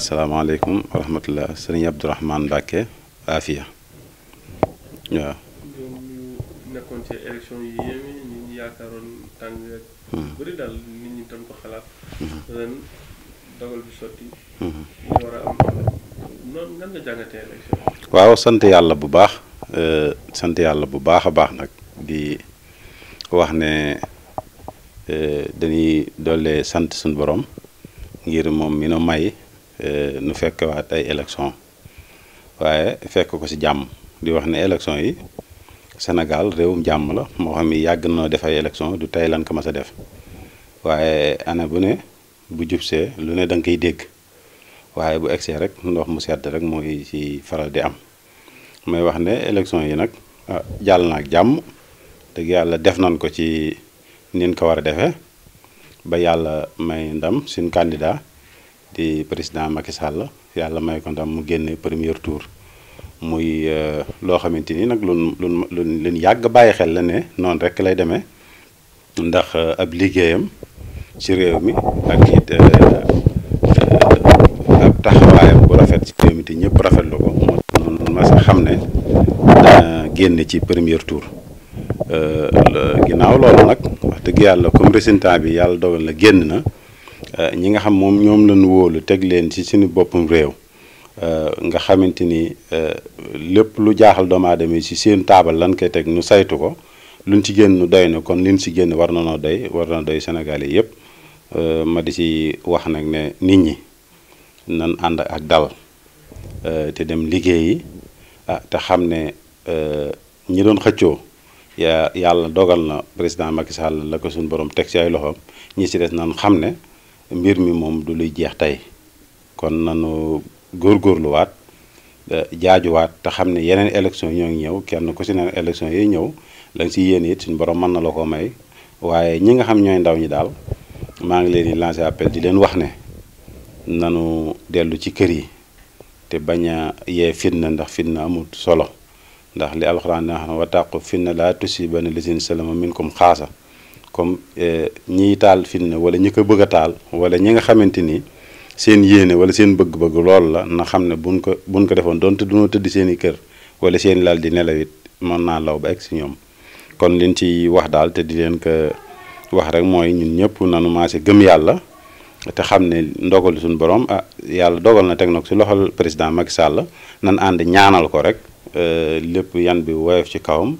asalaamaaleykum wa rahmatullah sëriñ Abdourahmane Mbacke Afia waaw. ci hmm. hmm. hmm. waaw sant yàlla bu baax euh, sant yàlla bu baax a baax nag di wax ne euh, dañuy doole sant suñu borom ngir moom mi nu may Euh, nu fekk waat ay élection waaye fekk ko ci jàmm di wax ne élection yi senegal réewum jàmm la moo xam ni yàgg na def ay élection du tey lan ko mas a def waaye ana bu ne bu jubsee lu ne da koy dégg waaye bu egsee rek ndox mu sedd rek mooy ci faral di am may wax ne élection yi nag ah, jàll na ak jàmm dëgg yàlla def nañ ko ci nin ko war a defee ba yàlla may ndam suñ candidat di président Macky Sall yàlla may ko ndam mu génne premier tour muy euh, loo xamante ni nag lu lu lu yàgg bàyyi xel la ne noonu rekk lay deme ndax euh, ab liggéeyam ci réew mi ak it euh, ab taxawaayam bu rafet ci réew mi te ñëpp rafetlu ko mu mun ma sax xam ne dana génn ci premier tour ginnaaw loolu nag wax dëgg yàlla comme résultat bi yàlla dogal na génn na. Euh, ñi nga xam moom ñoom lañu wóolu teg leen ci suñu boppum réew euh, nga xamante ni euh, lépp lu jaaxal doomu aadama yi ci seen taabal lan koy teg nu saytu ko luñ ci génn doy na kon liñ ci génn war na noo doy war na doy Sénégal yi yëpp ma di ci wax nag ne nit ñi nan ànd ak dal te dem liggéey ah te xam ne ñi doon xëccoo yaa yàlla dogal na président Macky Sall la ko suñu borom teg ci ay loxoom ñi ci des nan xam ne mbir mi moom du luy jeex tey kon nanu góor góorluwaat jaajuwaat te xam ne yeneen élection ñoo ngi ñëw kenn ku si ne élection yi ñëw la si yéen it suñu borom mën na la ko may waaye ñi nga xam ñooy ndaw ñi daal maa ngi leen di lancer appel di leen wax ne nanu dellu ci kër yi te bañ a yee fitna ndax fitna amul solo ndax li alxuraan dina xam ne wa tàqu fitna laa tusiibanna lazina salama minkum xaasa comme eh, ñiy taal fitna wala ñi ko bëgg a taal wala ñi nga xamante ni seen yéene wala seen bëgg-bëgg lool la na xam ne buñ ko buñ ko defoon du duñoo tëdd seen i kër wala seen lal di nelawit mën naa law ba egg si ñoom kon liñ ci wax daal te di leen ko wax rek mooy ñun ñëpp nanu maase gëm yàlla te xam ne ndogalu suñ borom ah yàlla dogal na teg na ko si loxol président mag Sall nan ànd ñaanal ko rek eh, lépp yan bi woyof ci kawam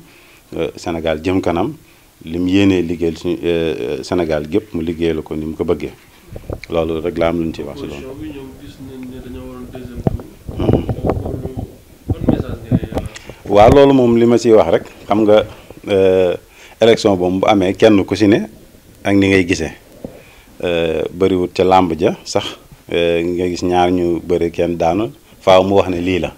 eh, Sénégal jëm kanam li mu liggéey liggéeyal suñu euh, euh, Sénégal gépp mu liggéeyal ko ni mu ko bëggee loolu rek laa am lu ñu ci wax si loolu. Mhm. Euh, waaw loolu moom li ma ciy wax rek xam nga élection boobu bu amee kenn ku si ne ak ni ngay gisee bëriwut ca làmb ja sax nga gis ñaar ñu bëri kenn daanu faaw mu wax ne lii la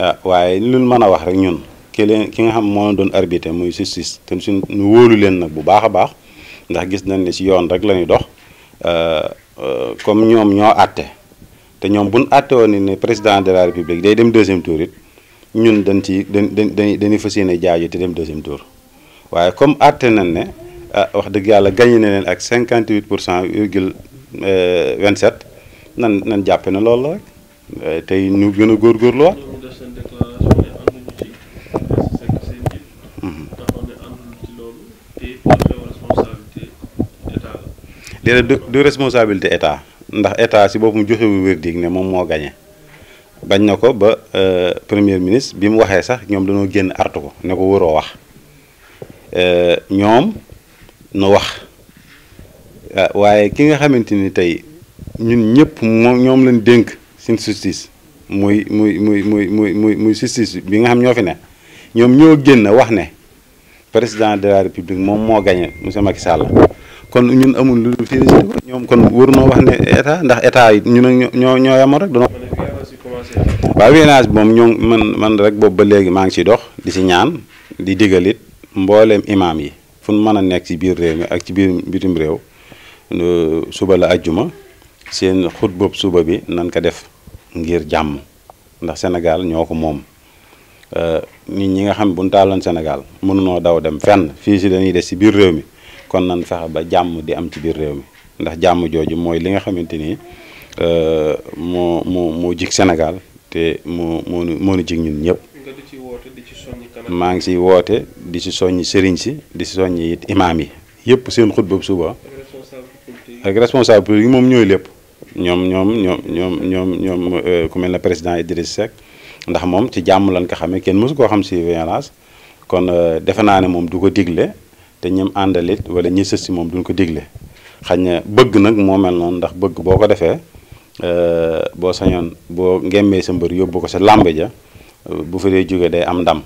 ah, waaye lu mën a wax rek ñun. ki ki nga xam moo doon arbitre muy justice te suñ ñu wóolu leen nag bu baax a baax ndax gis nañ ne ci yoon rek la ñuy dox euh, euh, comme ñoom ñoo àtte te ñoom buñ àtte woon ni ne président de la république day dem deuxième tour it ñun dañ ci dañ dañ dañuy fas yéene jaaju te dem deuxième tour waaye comme àtte nañ ne ah, wax dëgg yàlla gagné na leen ak cinquante 58 pour cent virgule 27 euh, nan nan jàppe na loolu la rek tey ñu gën a góorgóorluwaat déedéet du responsabilité état ndax état si boppam mu wér dig ne moom moo gañe bañ na ko ba euh, premier ministre bi mu waxee sax ñoom dañoo génn artu ko ne ko waroo wax euh, ñoom nu wax euh, waaye ki nga xamante ni tey ñun ñëpp moom ñoom lañ dénk sin justice muy muy muy muy muy muy muy justice bi nga xam ñoo fi ne ñoom ñoo génn wax ne président de la république moom moo gañe monsieur Macky Sall kon ñun amul lu dul félicité ko ñoom kon wër noo wax ne état ndax état yi ñun ak ñoo ñoo yamoon rek danoo waaw viénage bi moom ñoo man man rek boobu ba léegi maa ngi ci dox di si ñaan di digalit mbooleem imaam yi fu nu mën a nekk ci biir réew mi ak ci biir bitim réew suba la ajjuma seen suba bi nan ko def ngir jàmm ndax Sénégal ñoo ko moom euh, nit ñi nga xam bu ñu taaloon Sénégal mënunoo daw dem fenn fii si dañuy des ci biir réew mi kon nan fexe ba jàmm di am ci biir réew mi ndax jàmm jooju mooy li nga xamante ni euh, moo moo moo jig Sénégal te moo moo moo nu jig ñun ñëpp. maa ngi siy woote di si soññ sëriñ si di si soññ it imaam yi yëpp seen xutba suba ak responsable politique moom ñooy lépp ñoom ñoom ñoom ñoom ñoom ñoom euh, ku mel na président Idriss Seck ndax moom ci jàmm lan ko xamee kenn mësu koo xam si violence kon euh, defe naa ne moom du ko digle te ñim àndalit wala ñi sës si moom duñ ko digle xañ na bëgg nag moo mel noonu ndax bëgg boo ko defee euh, boo sañoon boo ngembee sa mbër yóbbu ko sa làmb ja euh, bu fa dee jóge day am ndam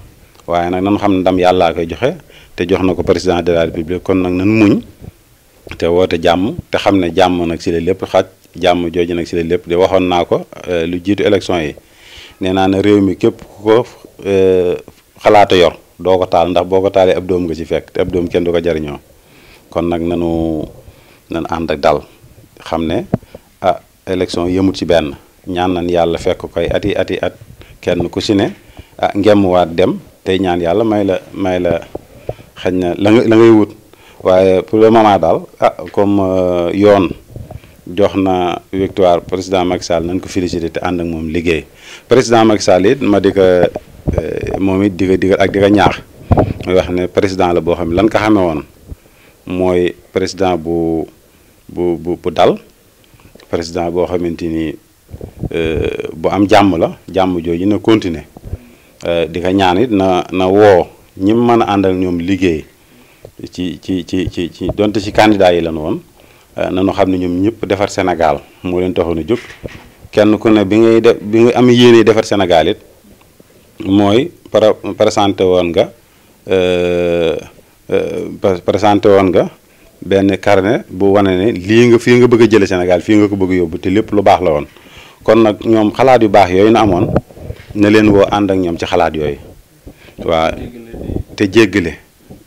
waaye nag nan xam ne ndam yàllaa koy joxe te jox na ko président de la république kon nag nan muñ te woote jàmm te xam ne jàmm nag si la lépp xaj jàmm jooju nag si la lépp de waxoon naa ko euh, lu jiitu élection yi nee naa ne réew mi képp ku ko xalaata yor doo ko taal ndax boo ko taalee ab doom nga ci fekk te ab doom kenn du ko jariñoo kon nag nanu nan ànd ak dal xam ne a ah, élection yëmut ci benn ñaan nañ yàlla fekk koy ati ati at kenn ku si ne ah ngemm waat dem tey ñaan yàlla may la may la xëy na la nga la ngay wut waaye pour le moment daal ah comme euh, yoon jox na victoire président Macky Sall nañ ko félicité te ànd ak moom liggéey président Macky Sall ma di Euh, moom it di ko ak di ñaax mooy wax ne président la boo xam ne lan ko xamee woon mooy président bu bu bu bu dal président boo xamante ni euh, bu am jàmm la jàmm jooju na continuer euh, di ko ñaan it na na woo ñi mën a àndal ñoom liggéey ci ci ci ci ci donte ci candidat yi lan woon nanu xam ne ñoom ñëpp defar Sénégal moo leen taxoon a jóg kenn ku ne bi ngay def bi nga am yéene defar Sénégal it mooy para présenté woon nga euh, euh, présenté woon nga benn karne bu wane ne lii nga fii nga bëgg a jële Sénégal fii nga ko bëgg a yóbbu te lépp lu baax la woon kon nag ñoom xalaat yu baax yooyu na amoon ne leen woo ànd ak ñoom ci xalaat yooyu waa te jéggale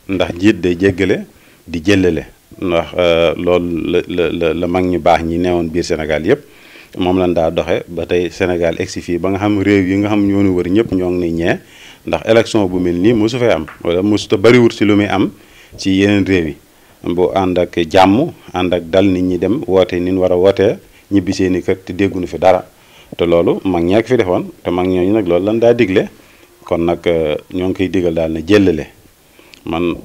ndax jiit day jéggale di jëlale ndax euh, loolu la la mag ñu baax ñi neewoon biir Sénégal yëpp moom lan daa doxe ba tey Sénégal egsi fii ba nga xam réew yi nga xam ñoo ñu wër ñëpp ñoo ngi ni ñee ndax élection bu mel nii mosu fay am wala mosu te bariwul si lu muy am ci yeneen réew yi bo ànd ak jàmm ànd ak dal nit ñi dem woote ni ñu war a ñibbi seen i kër te dégguñu fi dara te loolu mag ñeek fi defoon te mag ñooñu nag loolu lan daa digle kon nag euh, ñoo ngi koy digal daal na jëllale man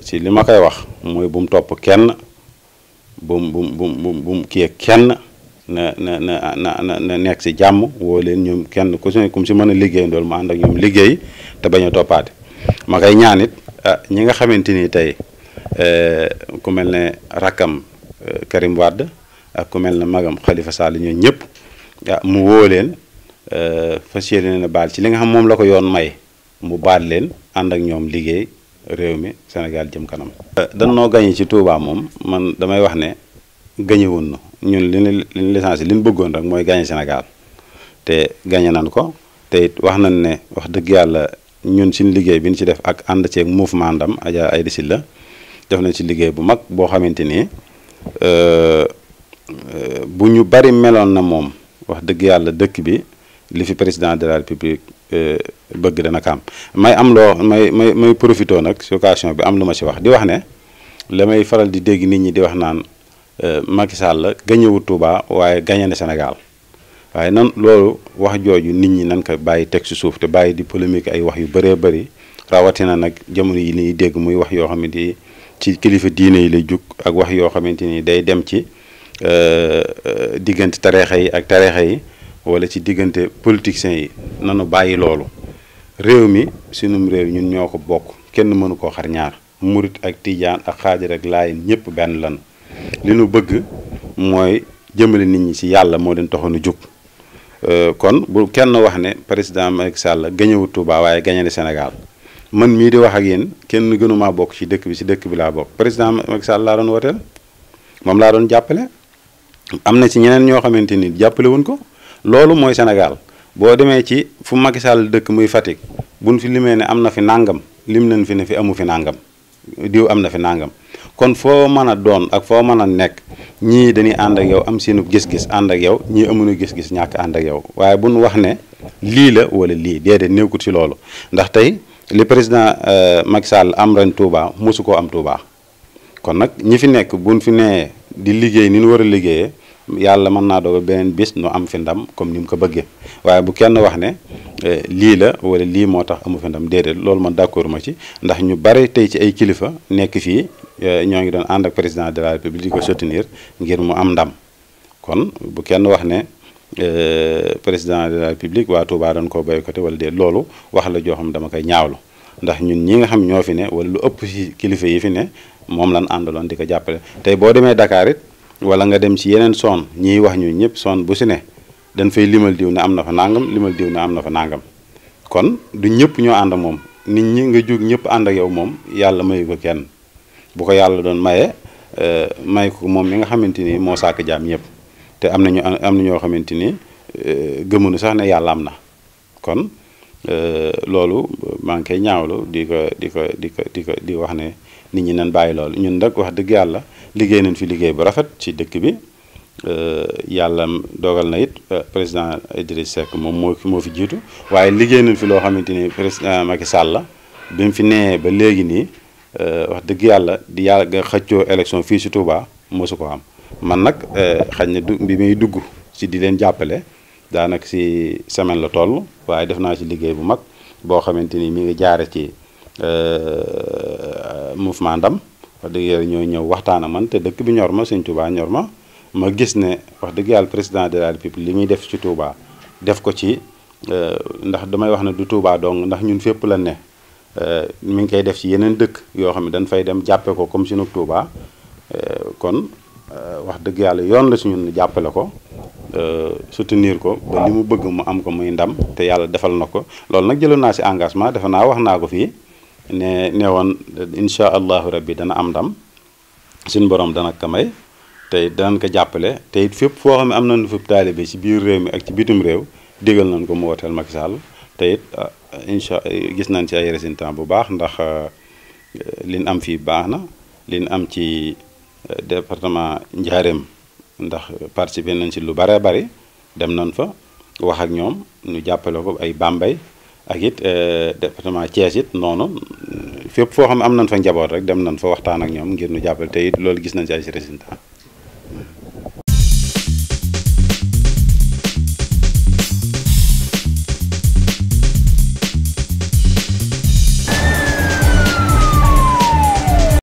si euh, li ma koy wax mooy bu mu topp kenn bu mu bu mu kenn. na na na na na nekk si jàmm woo leen ñoom kenn ku si ne ku si mën a liggéey ndool mu ànd ak ñoom liggéey te bañ a toppaate ma koy ñaanit ah, ñi nga xamante ni tey eh, ku mel ne rakkam eh, Karim Wade ak ku mel ne magam Khalifa Sall ñoom ñëpp ah mu woo leen eh, fas yéene na baal ci li nga xam moom la ko yoon may mu baal leen ànd ak ñoom liggéey réew mi Sénégal jëm kanam. danoo gañe ci Touba moom man damay wax ne. gañe woon na ñun li ñu li li ñu bëggoon rek mooy gañe Sénégal te gañe nan ko te wax nañ ne wax dëgg yàlla ñun suñu liggéey bi ñu ci def ak ànd ceeg am Ndam Adja Aïda la def na ci liggéey bu mag boo xamante ni euh, euh, bu ñu bari meloon na moom wax dëgg yàlla dëkk bi li fi président de la république euh, bëgg dana kaam may am loo may may may profité nag occasion bi am lu ma ci wax di wax ne la may faral di dégg nit ñi di wax naan Euh, Macky Sall gañewut Touba waaye gañe na Sénégal waaye nan loolu wax jooju nit ñi nan ko bàyyi teg ci suuf te bàyyi di polémique ay wax yu bëree bëri rawatina nag jamono yi nii dégg muy wax yoo xamante ni ci kilifa diine yi lay jug ak wax yoo xamante ni day dem ci euh, euh, diggante tareexa yi ak tareexa yi wala ci diggante politiciens yi nanu bàyyi loolu réew mi sunum réew ñun ñoo ko bokk kenn mënu koo xar ñaar murit ak tijaan ak xaajar ak laayin ñëpp benn lan li nu bëgg mooy jëmale nit ñi ci yàlla moo leen taxoon a jug euh, kon bu kenn wax ne président Macky Sall gañewut Touba waaye gañe na Sénégal man mii di wax ak yéen kenn gënumaa bokk ci dëkk bi ci dëkk bi laa bokk président Macky Sall laa doon wooteel moom laa doon jàppale am na ci ñeneen ñoo xamante ni jàppale wuñ ko loolu mooy Sénégal boo demee ci fu Macky Sall dëkk muy Fatick nu fi limee ne am na fi nàngam lim nañ fi ne fi amu fi nàngam diw am na fi nàngam kon foo mën a doon ak foo mën a nekk ñii dañuy ànd ak yow am seenu gis-gis ànd ak yow ñii amuñu gis-gis ñàkk ànd ak yow waaye bu nu wax ne lii la wala lii déedéet nekkut ci loolu ndax tey li président euh, Macky Sall am ren Touba mosu koo am Touba kon nag ñi fi nekk buñ fi nee di liggéey ni ñu war a liggéeyee yàlla mën naa dogal beneen bis nu am fi comme ni ko bëggee waaye bu kenn wax ne euh, lii la wala lii moo tax amu fi ndam déedéet loolu man d'accord ma ci ndax ñu bari tey ci ay kilifa nekk fii. Eh, ñoo ngi doon ànd ak président de la république di ko ngir mu am ndam kon bu kenn wax ne eh, président de la république waa Touba doon ko boycotté wala déet loolu wax la joo xam dama koy ñaawlu ndax ñun ñi nga xam ñoo fi ne wala lu ëpp ci kilifa yi fi ne moom lan àndaloon di ko jàppale tey boo demee Dakar it wala nga dem ci yeneen son ñiy wax ñu ñëpp son bu si ne dañ fay limal diw ne am na fa nangam limal diw ne am na fa nangam kon du ñëpp ñoo ànd moom nit ñi nga jug ñëpp ànd ak yow moom yàlla mayu ko kenn bu ko yàlla doon maye euh, may ko moom mi nga xamante ni moo sàkk jaam ñëpp te am na nañu am na ñoo xamante ni euh, gëmuñu sax ne yàlla am na kon euh, loolu maa ngi ñaawlu di ko di ko di ko di ko di wax ne nit ñi nañ bàyyi loolu ñun nag wax dëgg yàlla liggéey nañ fi liggéey bu rafet ci dëkk bi yàlla dogal na it président Idriss Seck moom moo moo fi jiitu waaye liggéey nañ fi loo xamante ni président Macky sàlla bi mu fi nee ba léegi nii. Euh, wax dëgg yàlla di yàlla nga xëccoo élection fii si Touba mosu ko am man nag euh, xañ na du bi muy dugg si di leen jàppale daanaka si semaine la toll waaye def naa ci liggéey bu mag boo xamante ni mi ngi jaare ci euh, mouvement Ndam wax dëgg yàlla ñoo ñëw waxtaan ak man te dëkk bi ñor ma sëñ Touba ñor ma ma gis ne wax dëgg yàlla président de la république li muy def ci Touba def ko ci ndax damay wax ne du Touba dong ndax ñun fépp la ne Euh, mu ngi koy def ci yeneen dëkk yoo xam ne dañ fay dem jàppe ko comme sunu Touba euh, kon euh, wax dëgg yàlla yoon la si ñun jàppale ko soutenir ko ba li mu bëgg mu am ko muy ndam te yàlla defal na ko loolu nag jëloon naa si engagement defe naa wax naa ko fii ne ne woon incha allahu rabbi dana am ndam suñu borom dana ko may tey danañ ko jàppale te it fépp foo xam ne am nañu fépp taalibe si biir réew mi ak ci bitum réew digal nañ ko mu wooteel Macky Sall te Euh, incha euh, gis nañ ci ay résintant bu baax ndax euh, liñ am fii baax na liñ am ci département Njaareem ndax participer nañ ci lu bare bari dem nañ fa wax ak ñoom ñu jàppale ko ay baam Bambey ak it département Thiès it noonu fépp foo xam ne am nañ fa njaboot rek dem nañ fa waxtaan ak ñoom ngir ñu jàppale tey it loolu gis nañ ci ay résultats.